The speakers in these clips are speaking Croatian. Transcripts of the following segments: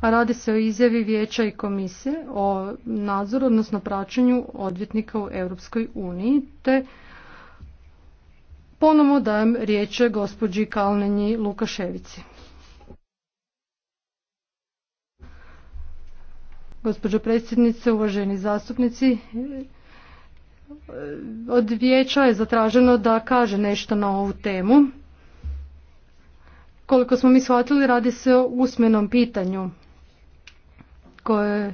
Radi se o izjavi Vijeća i komisije o nadzoru, odnosno praćenju odvjetnika u Europskoj uniji, te ponovno dajem riječ gospođi Kalnenji Lukaševici. Gospođo predsjednice, uvaženi zastupnici, od vijeća je zatraženo da kaže nešto na ovu temu. Koliko smo mi shvatili, radi se o usmenom pitanju koje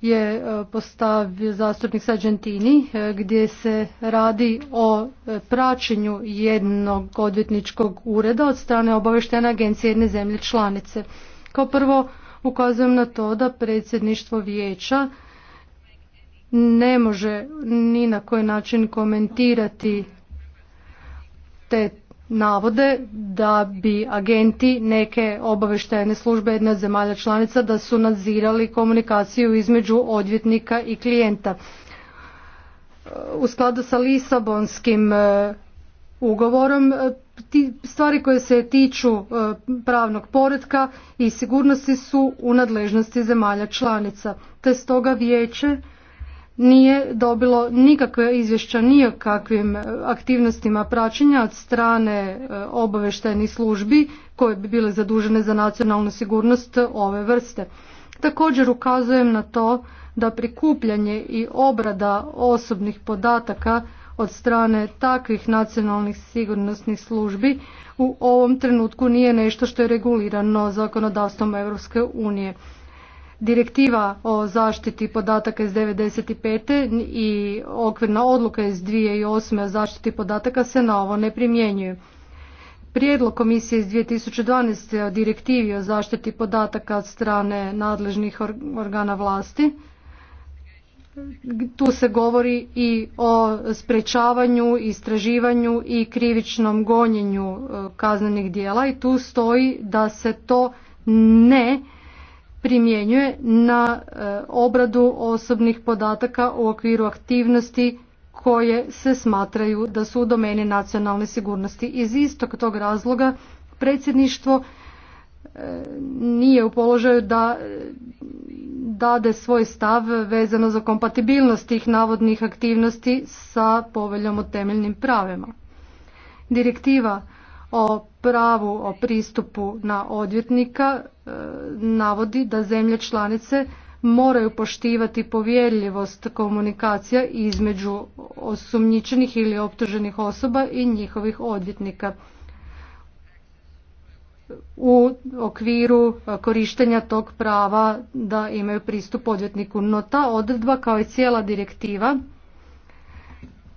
je e, postavio zastupnik sađentini e, gdje se radi o e, praćenju jednog odvjetničkog ureda od strane obavještene agencije jedne zemlje članice. Kao prvo ukazujem na to da predsjedništvo vijeća ne može ni na koji način komentirati te navode da bi agenti neke obavještajne službe jedne zemalja članica da su nadzirali komunikaciju između odvjetnika i klijenta. E, u skladu sa Lisabonskim e, ugovorom e, stvari koje se tiču pravnog poretka i sigurnosti su u nadležnosti zemalja članica. Te stoga vijeće nije dobilo nikakve izvješća kakvim e, aktivnostima praćenja od strane e, obavještajnih službi koje bi bile zadužene za nacionalnu sigurnost ove vrste. Također ukazujem na to da prikupljanje i obrada osobnih podataka od strane takvih nacionalnih sigurnosnih službi u ovom trenutku nije nešto što je regulirano zakonodavstvom Europske unije. Direktiva o zaštiti podataka iz 1995. i okvirna odluka iz 2008. o zaštiti podataka se na ovo ne primjenjuju. Prijedlog komisije iz 2012. o direktivi o zaštiti podataka od strane nadležnih organa vlasti tu se govori i o sprečavanju, istraživanju i krivičnom gonjenju e, kaznenih djela i tu stoji da se to ne primjenjuje na e, obradu osobnih podataka u okviru aktivnosti koje se smatraju da su u domeni nacionalne sigurnosti. Iz istog tog razloga predsjedništvo e, nije u položaju da e, dade svoj stav vezano za kompatibilnost tih navodnih aktivnosti sa poveljom o temeljnim pravima. Direktiva o pravu o pristupu na odvjetnika e, navodi da zemlje članice moraju poštivati povjerljivost komunikacija između osumnjičenih ili optuženih osoba i njihovih odvjetnika u okviru korištenja tog prava da imaju pristup odvjetniku. No ta odredba kao i cijela direktiva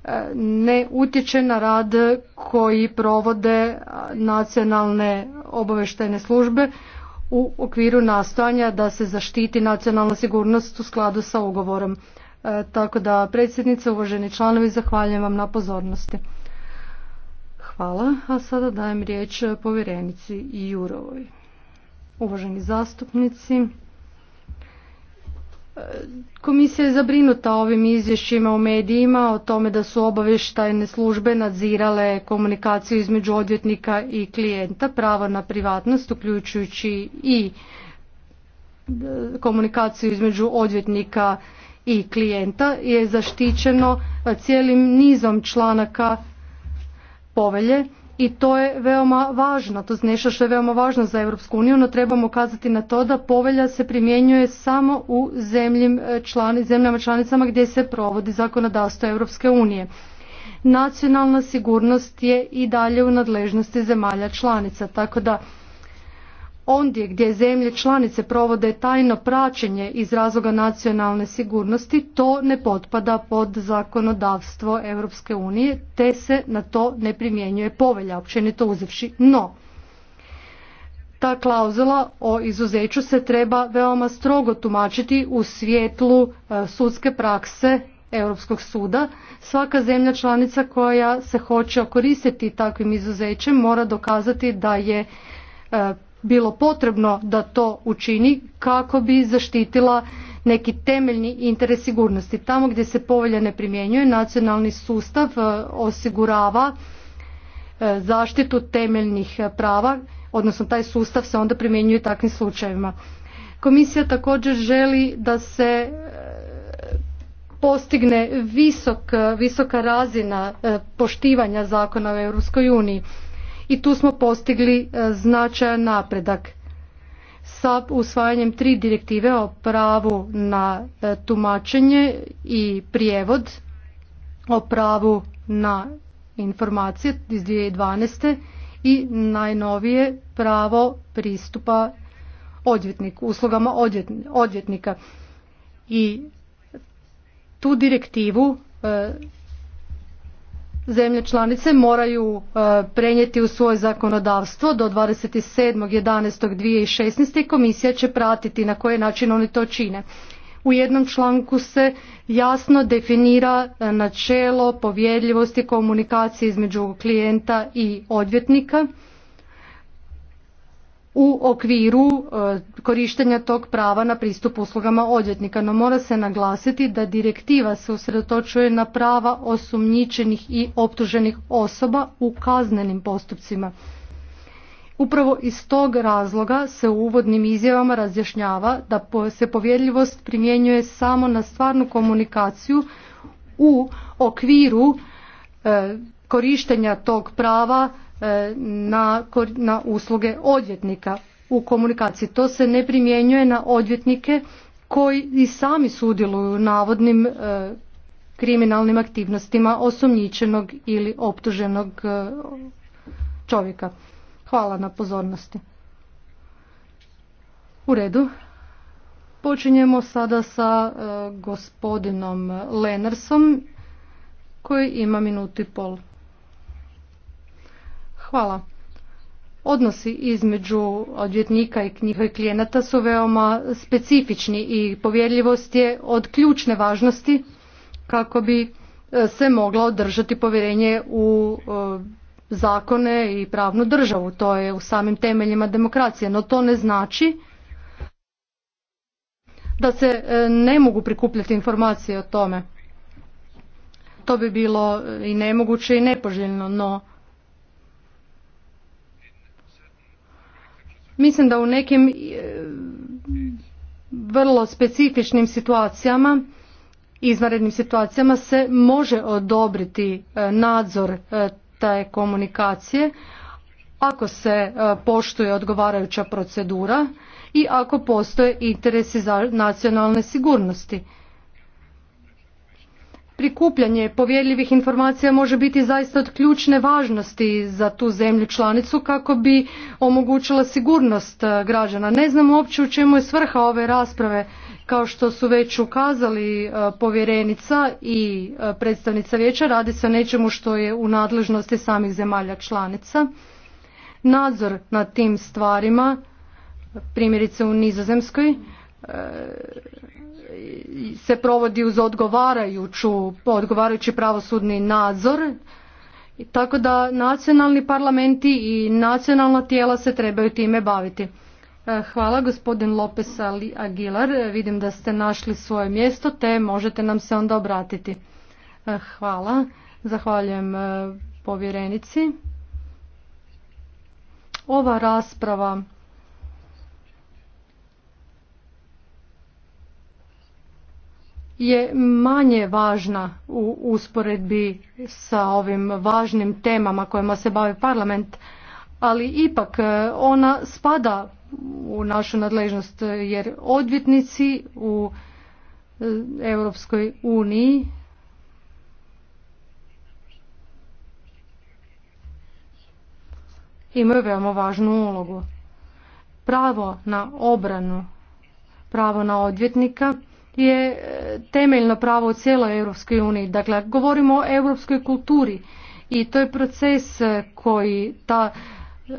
E, ne utječe na rad koji provode nacionalne obavještajne službe u okviru nastojanja da se zaštiti nacionalna sigurnost u skladu sa ugovorom. E, tako da predsjednice, uvaženi članovi, zahvaljujem vam na pozornosti. Hvala, a sada dajem riječ povjerenici i Jurovoj. Uvaženi zastupnici, Komisija je zabrinuta ovim izvješćima u medijima o tome da su obavještajne službe nadzirale komunikaciju između odvjetnika i klijenta, pravo na privatnost uključujući i e, komunikaciju između odvjetnika i klijenta je zaštićeno e, cijelim nizom članaka povelje i to je veoma važno, to je nešto što je veoma važno za Europsku uniju, no trebamo ukazati na to da povelja se primjenjuje samo u e, zemljama članicama gdje se provodi zakonodavstvo Europske unije. Nacionalna sigurnost je i dalje u nadležnosti zemalja članica, tako da ondje gdje zemlje članice provode tajno praćenje iz razloga nacionalne sigurnosti, to ne potpada pod zakonodavstvo Europske unije, te se na to ne primjenjuje povelja, općenito uzevši. No, ta klauzula o izuzeću se treba veoma strogo tumačiti u svijetlu e, sudske prakse Europskog suda. Svaka zemlja članica koja se hoće okoristiti takvim izuzećem mora dokazati da je e, bilo potrebno da to učini kako bi zaštitila neki temeljni interes sigurnosti. Tamo gdje se povelja ne primjenjuje, nacionalni sustav e, osigurava e, zaštitu temeljnih prava, odnosno taj sustav se onda primjenjuje u takvim slučajevima. Komisija također želi da se e, postigne visoka razina poštivanja zakona u Europskoj uniji i tu smo postigli e, značajan napredak sa usvajanjem tri direktive o pravu na e, tumačenje i prijevod, o pravu na informacije iz 2012. i najnovije pravo pristupa odvjetniku, uslugama odvjetnika. I tu direktivu e, zemlje članice moraju e, prenijeti u svoje zakonodavstvo do 27.11.2016. komisija će pratiti na koji način oni to čine. U jednom članku se jasno definira e, načelo povjedljivosti komunikacije između klijenta i odvjetnika u okviru e, korištenja tog prava na pristup uslugama odvjetnika, no mora se naglasiti da direktiva se usredotočuje na prava osumnjičenih i optuženih osoba u kaznenim postupcima. Upravo iz tog razloga se u uvodnim izjavama razjašnjava da se povjerljivost primjenjuje samo na stvarnu komunikaciju u okviru e, korištenja tog prava E, na, na usluge odvjetnika u komunikaciji. To se ne primjenjuje na odvjetnike koji i sami sudjeluju navodnim e, kriminalnim aktivnostima osumnjičenog ili optuženog e, čovjeka. Hvala na pozornosti. U redu. Počinjemo sada sa gospodinom Lenarsom koji ima minutu i pol. Hvala. Odnosi između odvjetnika i klijenata su veoma specifični i povjerljivost je od ključne važnosti kako bi e, se moglo održati povjerenje u e, zakone i pravnu državu. To je u samim temeljima demokracije, no to ne znači da se e, ne mogu prikupljati informacije o tome. To bi bilo i nemoguće i nepoželjno, no Mislim da u nekim e, vrlo specifičnim situacijama, izvanrednim situacijama se može odobriti e, nadzor e, te komunikacije ako se poštuje odgovarajuća procedura i ako postoje interesi za nacionalne sigurnosti prikupljanje povjerljivih informacija može biti zaista od ključne važnosti za tu zemlju članicu kako bi omogućila sigurnost e, građana. Ne znam uopće u čemu je svrha ove rasprave kao što su već ukazali e, povjerenica i e, predstavnica vijeća radi se o nečemu što je u nadležnosti samih zemalja članica. Nadzor nad tim stvarima primjerice u Nizozemskoj se provodi uz odgovarajuću, odgovarajući pravosudni nadzor tako da nacionalni parlamenti i nacionalna tijela se trebaju time baviti. E, hvala gospodin Lopes Aguilar, vidim da ste našli svoje mjesto te možete nam se onda obratiti. E, hvala, zahvaljujem e, povjerenici. Ova rasprava je manje važna u usporedbi sa ovim važnim temama kojima se bavi parlament, ali ipak e, ona spada u našu nadležnost jer odvjetnici u e, Europskoj uniji imaju veoma važnu ulogu. Pravo na obranu, pravo na odvjetnika je e, temeljno pravo u cijeloj Europskoj uniji. Dakle, govorimo o europskoj kulturi i to je proces e, koji ta e,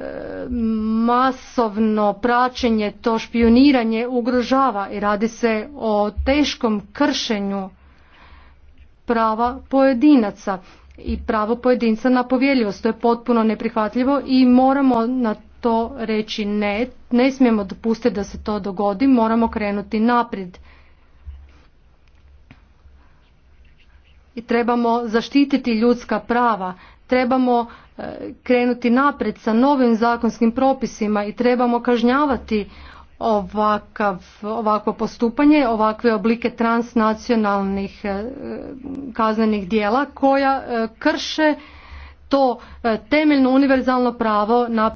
masovno praćenje, to špioniranje ugrožava i radi se o teškom kršenju prava pojedinaca i pravo pojedinca na povjeljivost. To je potpuno neprihvatljivo i moramo na to reći ne. Ne smijemo dopustiti da se to dogodi, moramo krenuti naprijed. i trebamo zaštititi ljudska prava, trebamo e, krenuti naprijed sa novim zakonskim propisima i trebamo kažnjavati ovakav, ovakvo postupanje, ovakve oblike transnacionalnih e, kaznenih dijela koja e, krše to temeljno univerzalno pravo na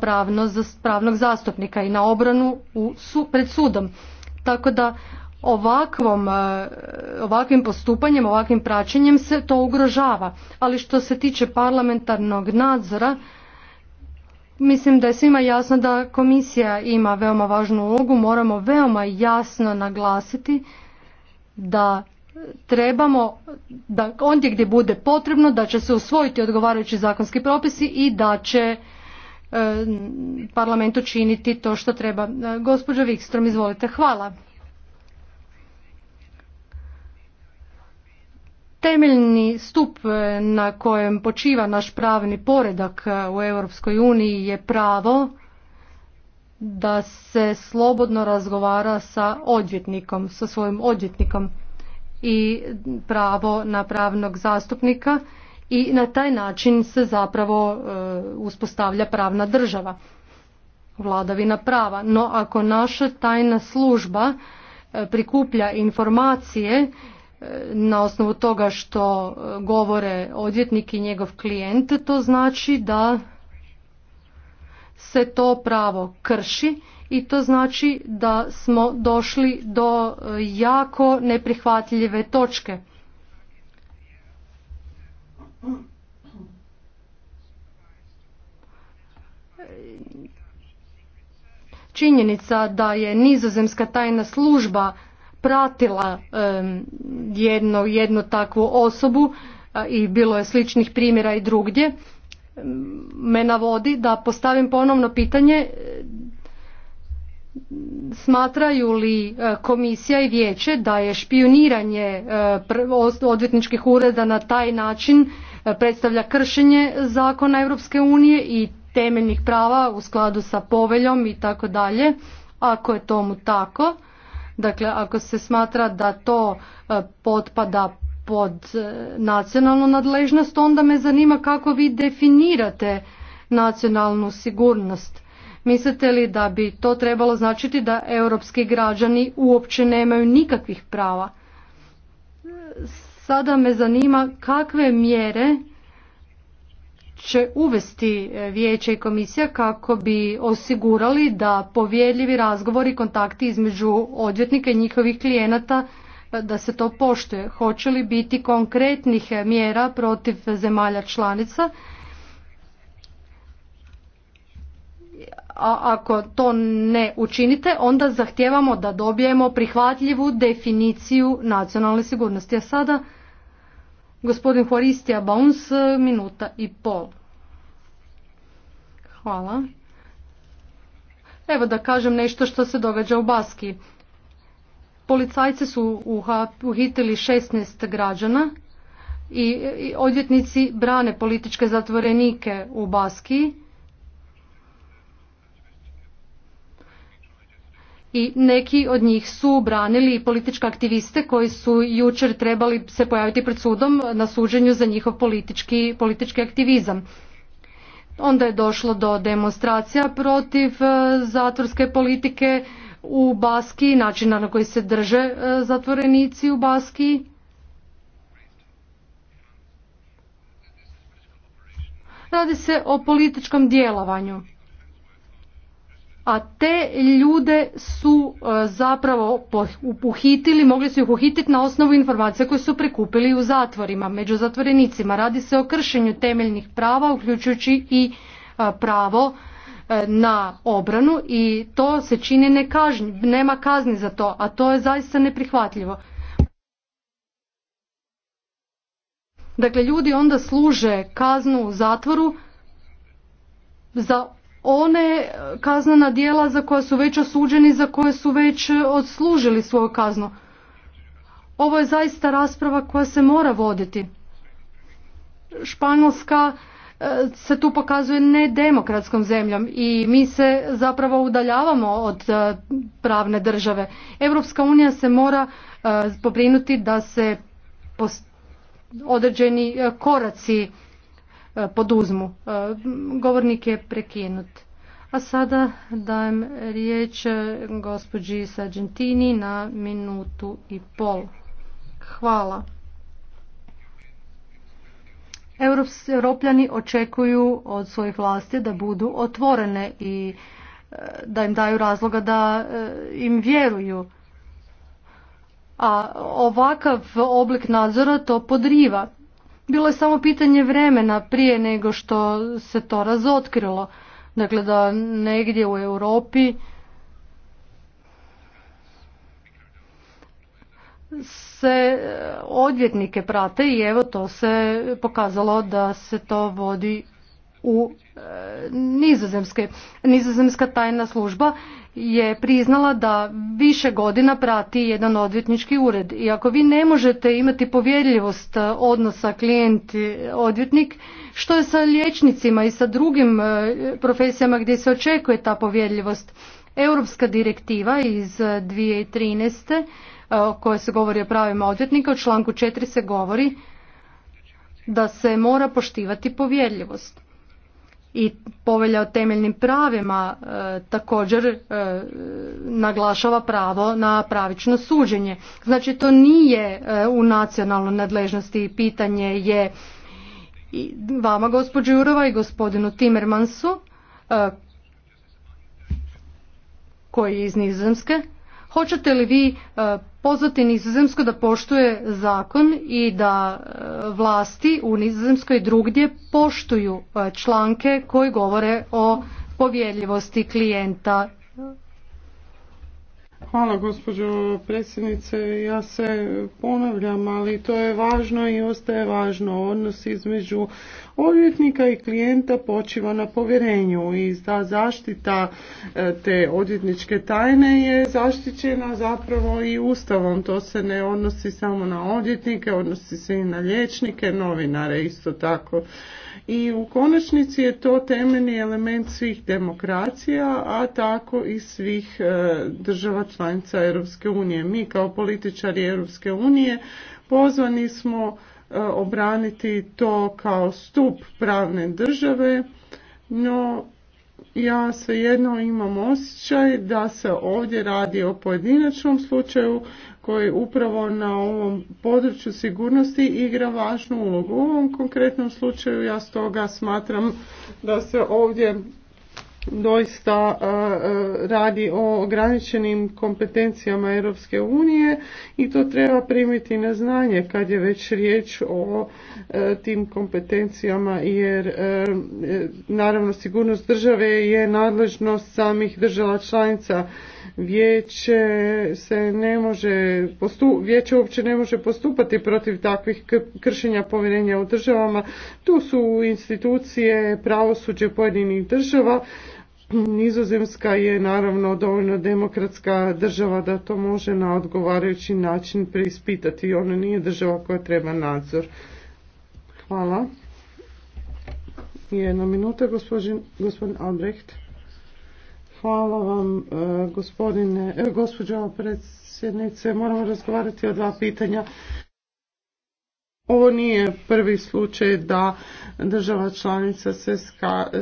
pravnog zastupnika i na obranu u, pred sudom. Tako da ovakvom, e, ovakvim postupanjem, ovakvim praćenjem se to ugrožava. Ali što se tiče parlamentarnog nadzora, mislim da je svima jasno da komisija ima veoma važnu ulogu. Moramo veoma jasno naglasiti da trebamo da ondje gdje bude potrebno da će se usvojiti odgovarajući zakonski propisi i da će e, parlament učiniti to što treba. E, gospođo Vikstrom, izvolite. Hvala. Temeljni stup e, na kojem počiva naš pravni poredak e, u Europskoj uniji je pravo da se slobodno razgovara sa odvjetnikom, sa svojim odvjetnikom i pravo na pravnog zastupnika i na taj način se zapravo e, uspostavlja pravna država, vladavina prava. No ako naša tajna služba prikuplja informacije na osnovu toga što e, govore odvjetnik i njegov klijent, to znači da se to pravo krši i to znači da smo došli do e, jako neprihvatljive točke. Činjenica da je nizozemska tajna služba pratila jednu, jednu takvu osobu i bilo je sličnih primjera i drugdje me navodi da postavim ponovno pitanje e, smatraju li e, komisija i vijeće da je špioniranje e, odvjetničkih ureda na taj način predstavlja kršenje zakona Europske unije i temeljnih prava u skladu sa poveljom i tako dalje ako je tomu tako Dakle, ako se smatra da to e, potpada pod e, nacionalnu nadležnost, onda me zanima kako vi definirate nacionalnu sigurnost. Mislite li da bi to trebalo značiti da europski građani uopće nemaju nikakvih prava? Sada me zanima kakve mjere će uvesti e, vijeće i komisija kako bi osigurali da povjerljivi razgovori i kontakti između odvjetnika i njihovih klijenata e, da se to poštuje. Hoće li biti konkretnih e, mjera protiv zemalja članica? A ako to ne učinite, onda zahtijevamo da dobijemo prihvatljivu definiciju nacionalne sigurnosti. A sada Gospodin Horistija Bauns, minuta i pol. Hvala. Evo da kažem nešto što se događa u Baski. Policajci su uhitili 16 građana i odvjetnici brane političke zatvorenike u Baskiji i neki od njih su branili političke aktiviste koji su jučer trebali se pojaviti pred sudom na suđenju za njihov politički, politički aktivizam. Onda je došlo do demonstracija protiv e, zatvorske politike u Baskiji, načina na koji se drže e, zatvorenici u Baskiji. Radi se o političkom djelovanju a te ljude su e, zapravo uhitili, mogli su ih uhititi na osnovu informacija koje su prikupili u zatvorima među zatvorenicima. Radi se o kršenju temeljnih prava, uključujući i e, pravo e, na obranu i to se čini nekažnj, nema kazni za to, a to je zaista neprihvatljivo. Dakle, ljudi onda služe kaznu u zatvoru za one kaznena djela za koja su već osuđeni, za koje su već e, odslužili svoju kaznu. Ovo je zaista rasprava koja se mora voditi. Španjolska e, se tu pokazuje nedemokratskom zemljom i mi se zapravo udaljavamo od e, pravne države. Europska unija se mora pobrinuti da se određeni koraci E, poduzmu. E, govornik je prekinut. A sada dajem riječ gospođi Sargentini na minutu i pol. Hvala. Europljani očekuju od svojih vlasti da budu otvorene i e, da im daju razloga da im vjeruju. A ovakav oblik nadzora to podriva bilo je samo pitanje vremena prije nego što se to razotkrilo. Dakle, da negdje u Europi se e, odvjetnike prate i evo to se pokazalo da se to vodi u e, Nizozemske. Nizozemska tajna služba je priznala da više godina prati jedan odvjetnički ured i ako vi ne možete imati povjerljivost e, odnosa klijent e, odvjetnik što je sa liječnicima i sa drugim profesijama gdje se očekuje ta povjerljivost europska direktiva iz 2013. koja se govori o pravima odvjetnika u članku 4 se govori da se mora poštivati povjerljivost i povelja o temeljnim pravima e, također e, naglašava pravo na pravično suđenje. Znači to nije e, u nacionalnoj nadležnosti i pitanje je i vama gospođo Jurova i gospodinu Timmermansu koji je iz Nizozemske Hoćete li vi e, pozvati Nizozemsko da poštuje zakon i da e, vlasti u Nizozemskoj drugdje poštuju e, članke koji govore o povjerljivosti klijenta Hvala gospođo predsjednice. Ja se ponavljam, ali to je važno i ostaje važno. Odnos između odvjetnika i klijenta počiva na povjerenju i ta zaštita e, te odvjetničke tajne je zaštićena zapravo i ustavom. To se ne odnosi samo na odvjetnike, odnosi se i na liječnike, novinare isto tako. I u konačnici je to temeljni element svih demokracija, a tako i svih e, država članica Europske unije. Mi kao političari Europske unije pozvani smo e, obraniti to kao stup pravne države, no ja svejedno imam osjećaj da se ovdje radi o pojedinačnom slučaju koji upravo na ovom području sigurnosti igra važnu ulogu. U ovom konkretnom slučaju ja stoga smatram da se ovdje doista e, e, radi o ograničenim kompetencijama Europske unije i to treba primiti na znanje kad je već riječ o e, tim kompetencijama jer naravno sigurnost države je nadležnost samih država članica vijeće se ne može vijeće uopće ne može postupati protiv takvih kršenja povjerenja u državama tu su institucije pravosuđe pojedinih država Nizozemska je naravno dovoljno demokratska država da to može na odgovarajući način preispitati. Ona nije država koja treba nadzor. Hvala. Jedna minuta, gospodin Albrecht. Hvala vam, e, gospodine, e, gospođo predsjednice. Moramo razgovarati o dva pitanja. Ovo nije prvi slučaj da država članica se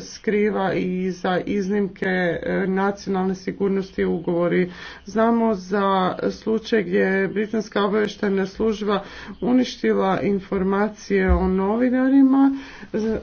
skriva i za iznimke e, nacionalne sigurnosti ugovori. Znamo za slučaj gdje je Britanska obavještajna služba uništila informacije o novinarima.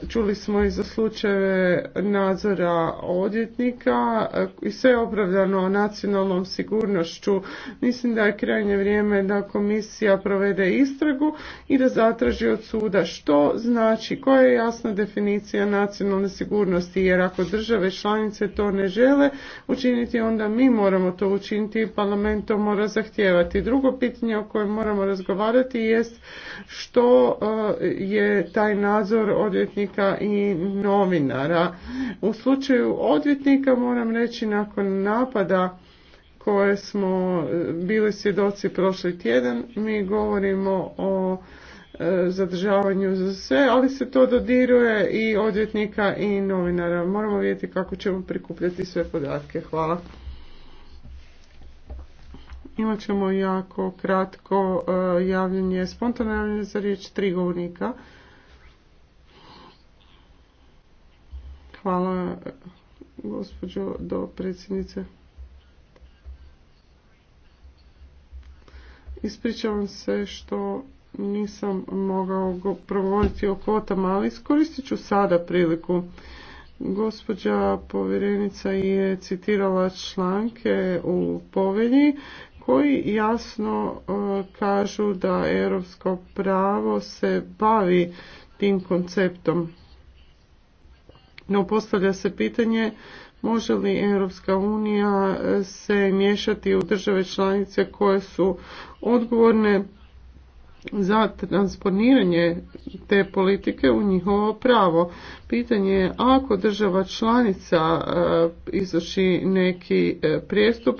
Čuli smo i za slučajeve nadzora odjetnika. E, i sve opravdano nacionalnom sigurnošću. Mislim da je krajnje vrijeme da komisija provede istragu i da zatraži od suda što znači koje je jasna definicija nacionalne sigurnosti, jer ako države članice to ne žele učiniti, onda mi moramo to učiniti i parlament to mora zahtijevati. Drugo pitanje o kojem moramo razgovarati jest što e, je taj nadzor odvjetnika i novinara. U slučaju odvjetnika moram reći nakon napada koje smo e, bili svjedoci prošli tjedan, mi govorimo o E, zadržavanju za sve, ali se to dodiruje i odvjetnika i novinara. Moramo vidjeti kako ćemo prikupljati sve podatke. Hvala. Imat ćemo jako kratko e, javljanje, spontano javljanje za riječ tri govornika. Hvala e, gospođo do predsjednice. Ispričavam se što nisam mogao provoditi o kvotama, ali iskoristit ću sada priliku. Gospođa povjerenica je citirala članke u povelji koji jasno e, kažu da europsko pravo se bavi tim konceptom. No postavlja se pitanje može li Europska unija e, se miješati u države članice koje su odgovorne za transponiranje te politike u njihovo pravo. Pitanje je ako država članica e, izvrši neki e, prijestup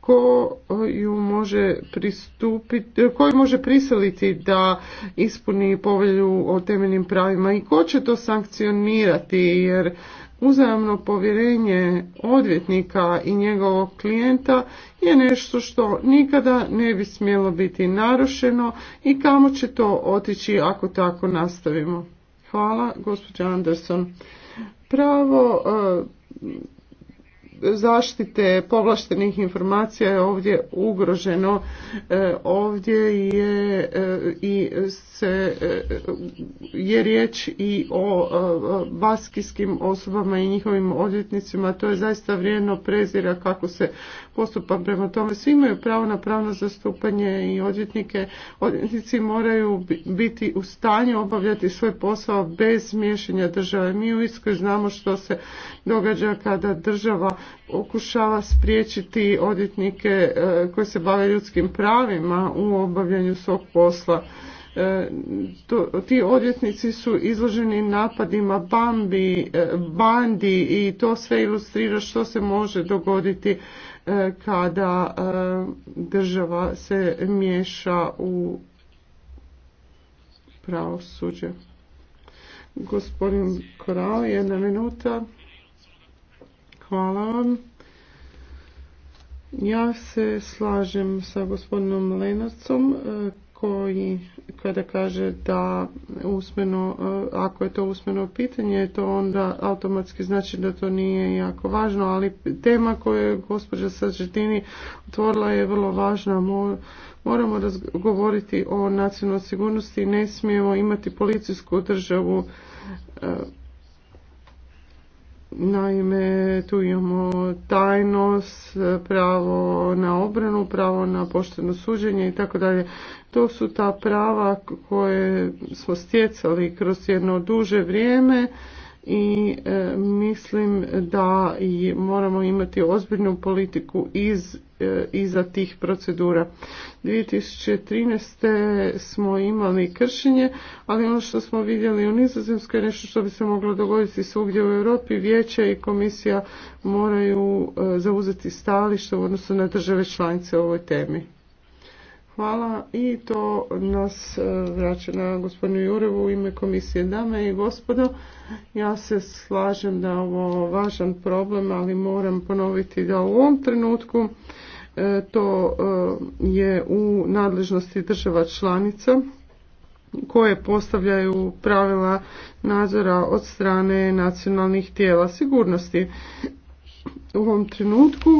ko ju može pristupiti, koji može prisiliti da ispuni povelju o temeljnim pravima i ko će to sankcionirati jer uzajamno povjerenje odvjetnika i njegovog klijenta je nešto što nikada ne bi smjelo biti narušeno i kamo će to otići ako tako nastavimo. Hvala, gospođa Anderson. Pravo e, zaštite povlaštenih informacija je ovdje ugroženo. E, ovdje je e, i se e, je riječ i o baskijskim osobama i njihovim odvjetnicima. To je zaista vrijedno prezira kako se postupa prema tome. Svi imaju pravo na pravno zastupanje i odvjetnike. Odvjetnici moraju biti u stanju obavljati svoj posao bez miješanja države. Mi u Iskoj znamo što se događa kada država Okušava spriječiti odvjetnike e, koji se bave ljudskim pravima u obavljanju svog posla. E, ti odvjetnici su izloženi napadima bambi, e, bandi i to sve ilustrira što se može dogoditi kada država se miješa u pravosuđe. Gospodin Koral, jedna minuta. Hvala vam. Ja se slažem sa gospodinom Lenacom e, koji kada kaže da usmeno, e, ako je to usmeno pitanje, to onda automatski znači da to nije jako važno, ali tema koju je gospođa Sađetini otvorila je vrlo važna. Moramo govoriti o nacionalnoj sigurnosti i ne smijemo imati policijsku državu e, Naime, tu imamo tajnost, pravo na obranu, pravo na pošteno suđenje i tako dalje. To su ta prava koje smo stjecali kroz jedno duže vrijeme i e, mislim da moramo imati ozbiljnu politiku iz e, iza tih procedura. 2013. smo imali kršenje, ali ono što smo vidjeli u Nizozemskoj je nešto što bi se moglo dogoditi svugdje u Europi. Vijeće i komisija moraju e, zauzeti stalište u odnosu na države članice o ovoj temi. Hvala i to nas e, vraća na gospodinu Jurevu u ime komisije. Dame i gospodo, ja se slažem da je ovo važan problem, ali moram ponoviti da u ovom trenutku e, to e, je u nadležnosti država članica koje postavljaju pravila nadzora od strane nacionalnih tijela sigurnosti. U ovom trenutku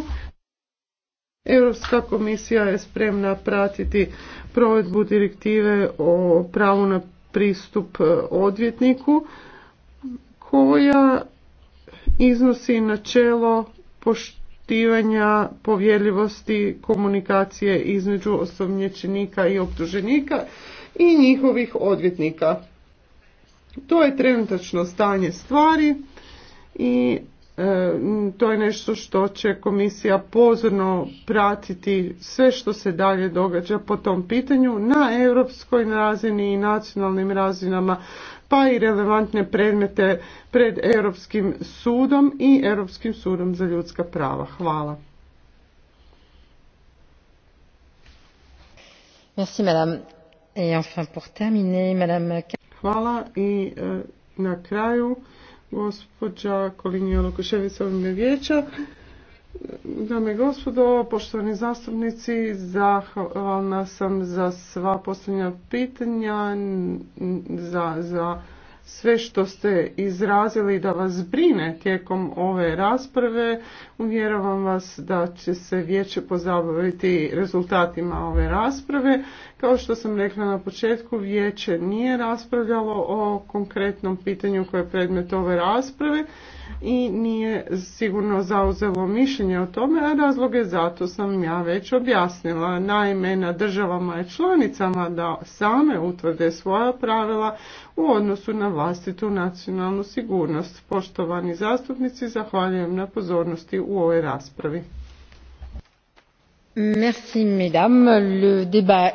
Europska komisija je spremna pratiti provedbu direktive o pravu na pristup e, odvjetniku koja iznosi načelo poštivanja povjerljivosti komunikacije između osumnjičenika i optuženika i njihovih odvjetnika. To je trenutačno stanje stvari i E, to je nešto što će komisija pozorno pratiti sve što se dalje događa po tom pitanju na europskoj razini i nacionalnim razinama pa i relevantne predmete pred Europskim sudom i Europskim sudom za ljudska prava. Hvala. Merci madame. Et enfin Hvala i e, na kraju gospođa Kolinija Lukoševica ovim je vijeća. Dame i gospodo, poštovani zastupnici, zahvalna sam za sva posljednja pitanja, za, za sve što ste izrazili da vas brine tijekom ove rasprave. Uvjeravam vas da će se vijeće pozabaviti rezultatima ove rasprave. Kao što sam rekla na početku, vijeće nije raspravljalo o konkretnom pitanju koje je predmet ove rasprave i nije sigurno zauzelo mišljenje o tome, a razloge zato sam ja već objasnila. Naime, na državama i članicama da same utvrde svoja pravila u odnosu na vlastitu nacionalnu sigurnost. Poštovani zastupnici, zahvaljujem na pozornosti u ovoj raspravi. Merci, mesdames. Le débat